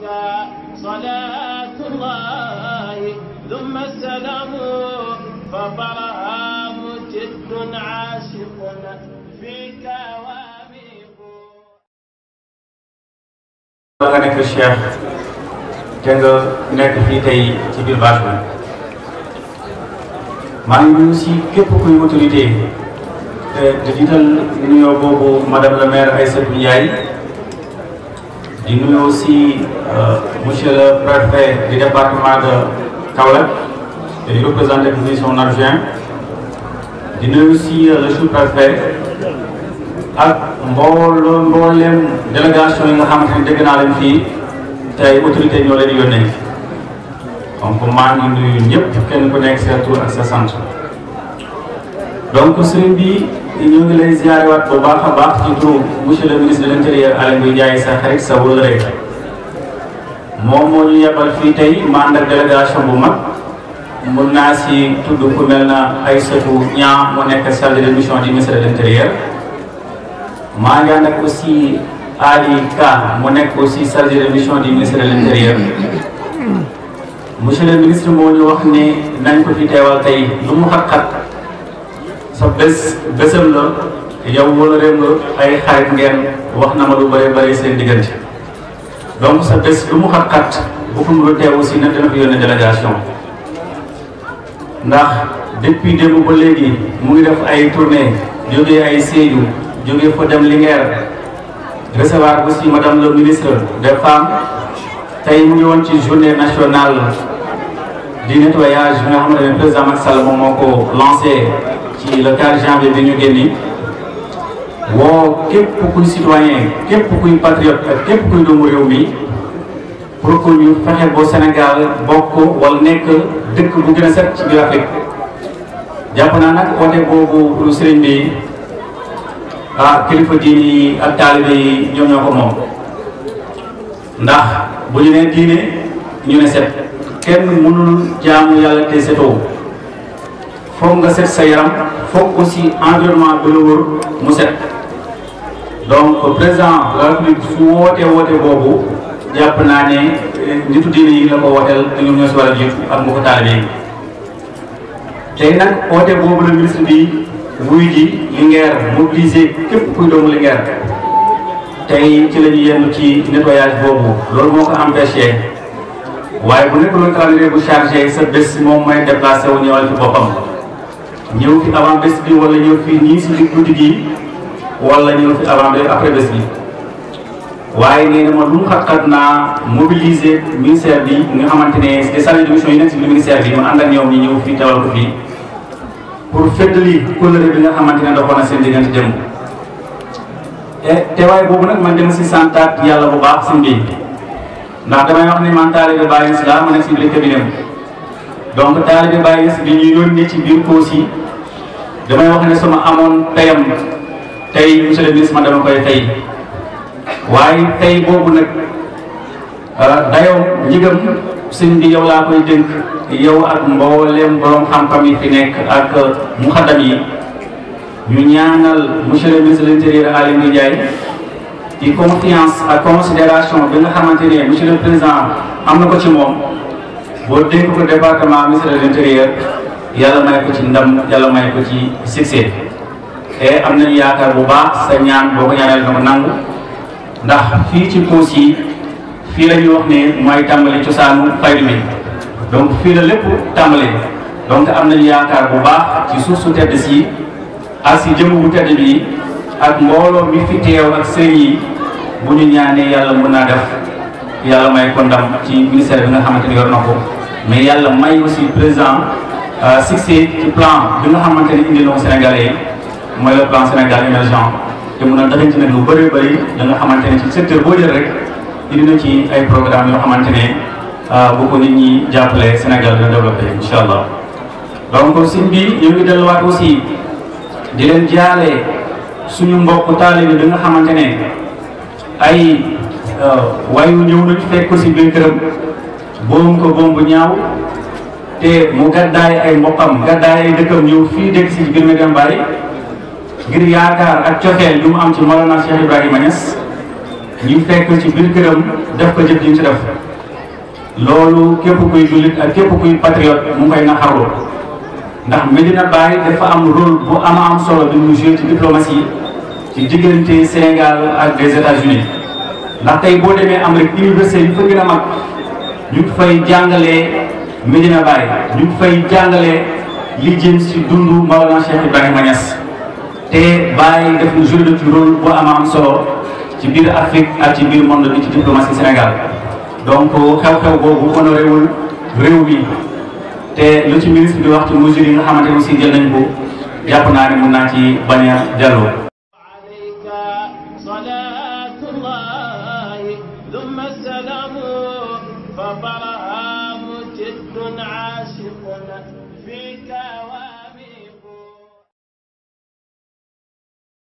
عليك صلاة الله ثم السلام فطرها مجد عاشق فيك واميق nga nekk Cheikh te nga nekk fii tey ci biir bâche bi maa ngi nuyu si képp kuy autorité te di jiital nuyoo boobu madame la maire Aïssatou Ndiaye di nuyu aussi euh, monsieur le préfet du département de Kaolack et di représenté bi son adjoint di nuyu aussi euh, le sous-préfet ak mbooloo mbooleem délégation yi nga xamante ne dégg naa leen fii tey autorité ñoo leen yónnee donc maa ngi nuyu ñëpp kenn ku nekk sa tur ak sa sant donc sëriñ bi ñu ngi lay ziarewaat bu baax a baax ci turu monsieur le ministre de l'intérieur Aly Ngouille Ndiaye sa xarit sa wóllare moom moo ñu yebal fii tey ma ànd ak délégation bu mag mun naa si tudd ku mel na Aïssatou Niang mu nekk chargé de mission du ministère de l'intérieur maa ngi ànd ak aussi Ali Ka mu nekk aussi chargé de mission du ministère de l'intérieur monsieur ministre moo ñu wax ne nañ ko fi teewal tey lu mu xat sa bés bésam la yow wala réew ay xarit ngeen wax na ma lu bëri bëri seen diggante donc sa bés lu mu xat-xat bu ko mën a teew aussi nag dina fi yónnee délégation ndax depuis démb ba léegi mu ngi def ay tournée jógee ay Sédhiou jógee fa dem Linguère recevoir aussi madame le ministre des femmes tey mu ngi woon ci journée nationale du nettoyage bi nga xam ne président Macky Sall moom moo ko lancé. ci le 4 janvier bi ñu génni woo képp kuy citoyen képp kuy patriote ak képp kuy doomu réew mi pour que fexe ba Sénégal bokk wala nekk dëkk bu gën set ci biir Afrique jàpp naa nag woote boobu sëriñ bi ah kilifa diine yi ak taalibe yi ñoom ñoo ko moom ndax bu ñu nee ñu ne set kenn mënul jaamu yàlla te setoo foog nga set sa yaram foog aussi environnement bi la wër mu set donc président la République su wootee woote boobu jàpp naa ne eh, nitu diine yi la ko wooteel te ñoom ñoo si war a jiitu ak mbokku taalibe yi tey nag woote boobu la ministre bi wuy ji Linguère mobiliser képp kuy doomu Linguère tey ci la ñu yenn ci nettoyage boobu loolu moo ko empêché waaye bu nekk loolu calendrier bu chargé sa bés moom may déplacé wu ñëwal ci boppam ñëw fi avant bés bi wala ñëw fi nii si guddi gi wala ñëw fi avant bés après bés bi waaye nee na ma lu mu xat-xat naa mobiliser ministère bi nga xamante ne des chargés de mission yi nekk si ministère bi ma ànd ak ñoom ñu ñëw fii tawal ko fii pour feddali kóllëre bi nga xamante ne doo doxoon na seen diggante jëm te teewaay boobu nag man dem si santaat yàlla bu baax sëñ bi ndax damay wax ne man taalibe Baay Ñas laa ma nekk si biir cabinet donc taalibe Baay Ñas bi ñu yónnee ci biir Kossy yi damay wax ne sama amoon tayam tey monsieur le ministre dama koy tey waaye tey boobu nag ah, dayoo njigam sëñ bi yow laa koy dénk yow ak mbooleem borom xam-xam yi fi nekk ak muxaddam yi ñu ñaanal monsieur le ministre de l'intérieur Aly Ndiaye di confiance ak considération bi nga xamante ne monsieur le président am na ko ci moom boo dénk ko département ministre de l' intérieur yàlla may ko ci ndam yàlla may ko ci succès te am nañu yaakaar bu baax sa ñaan boo ko ñaanal na ko nangu ndax fii ci Kossy yi fii la ñuy wax ne mooy tàmbali cosaanu faydu mi donc fii la lépp tàmbali donc am nañu yaakaar bu baax ci suuf su tedd si ak si jëmm bu tedd bi ak mbooloo mi fi teew ak sëñ bu ñu ñaanee yàlla mën naa def yàlla may ko ndam ci ministère bi nga xam ni yor na ko mais yàlla may aussi président euh, succès ci plan bi nga xamante ni indi loon Sénégalais yi mooy le plan Sénégal émergent te mun a daxanci nag lu bëri bëri da nga xamante ne ci secteur boo jël rek indi na ci ay programme yoo xamante ne euh, boo ko nit ñi jàppale Sénégal dina développé incha allah donc sin bi ñu ngi delluwaat aussi di leen jaale suñu mbokk taalibe bi nga xamante ne ay euh, waayu ñëw nañu fekk ko si biir këram boom ko boom ñaaw te mu gàddaay ay mbokkam gàddaay ay dëkkam ñëw fii dëkk ci biir Médina Baye ngir yaakaar ak cofeel yu mu am ci Mawlana Cheikh Ibrahima Niass ñu fekk ci biir këram def ko jëf ji ñu ci def loolu képp kuy jullit ak kuy patriote mu koy naxarlu ndax Médina Baye dafa am rôle bu ama am solo bi mu joué ci diplomatie ci diggante Sénégal ak des États-Unis ndax tey boo demee Amérique université yi fa gën a mag ñu ngi fay jàngalee Medina Baye ñu fay jàngalee li jëm si dundu Maolana Cheikh Ibrahima Niass te Baye def na joué ci rôle bu am am solo ci biir Afrique ak ci biir monde bi ci diplomatie Sénégal donc xew-xew boobu honoré wul réew mi te lu ci ministre bi wax ci mesures yi nga xamante ne aussi jël nañ ko jàpp naa ne mun naa ci bañ a ربنا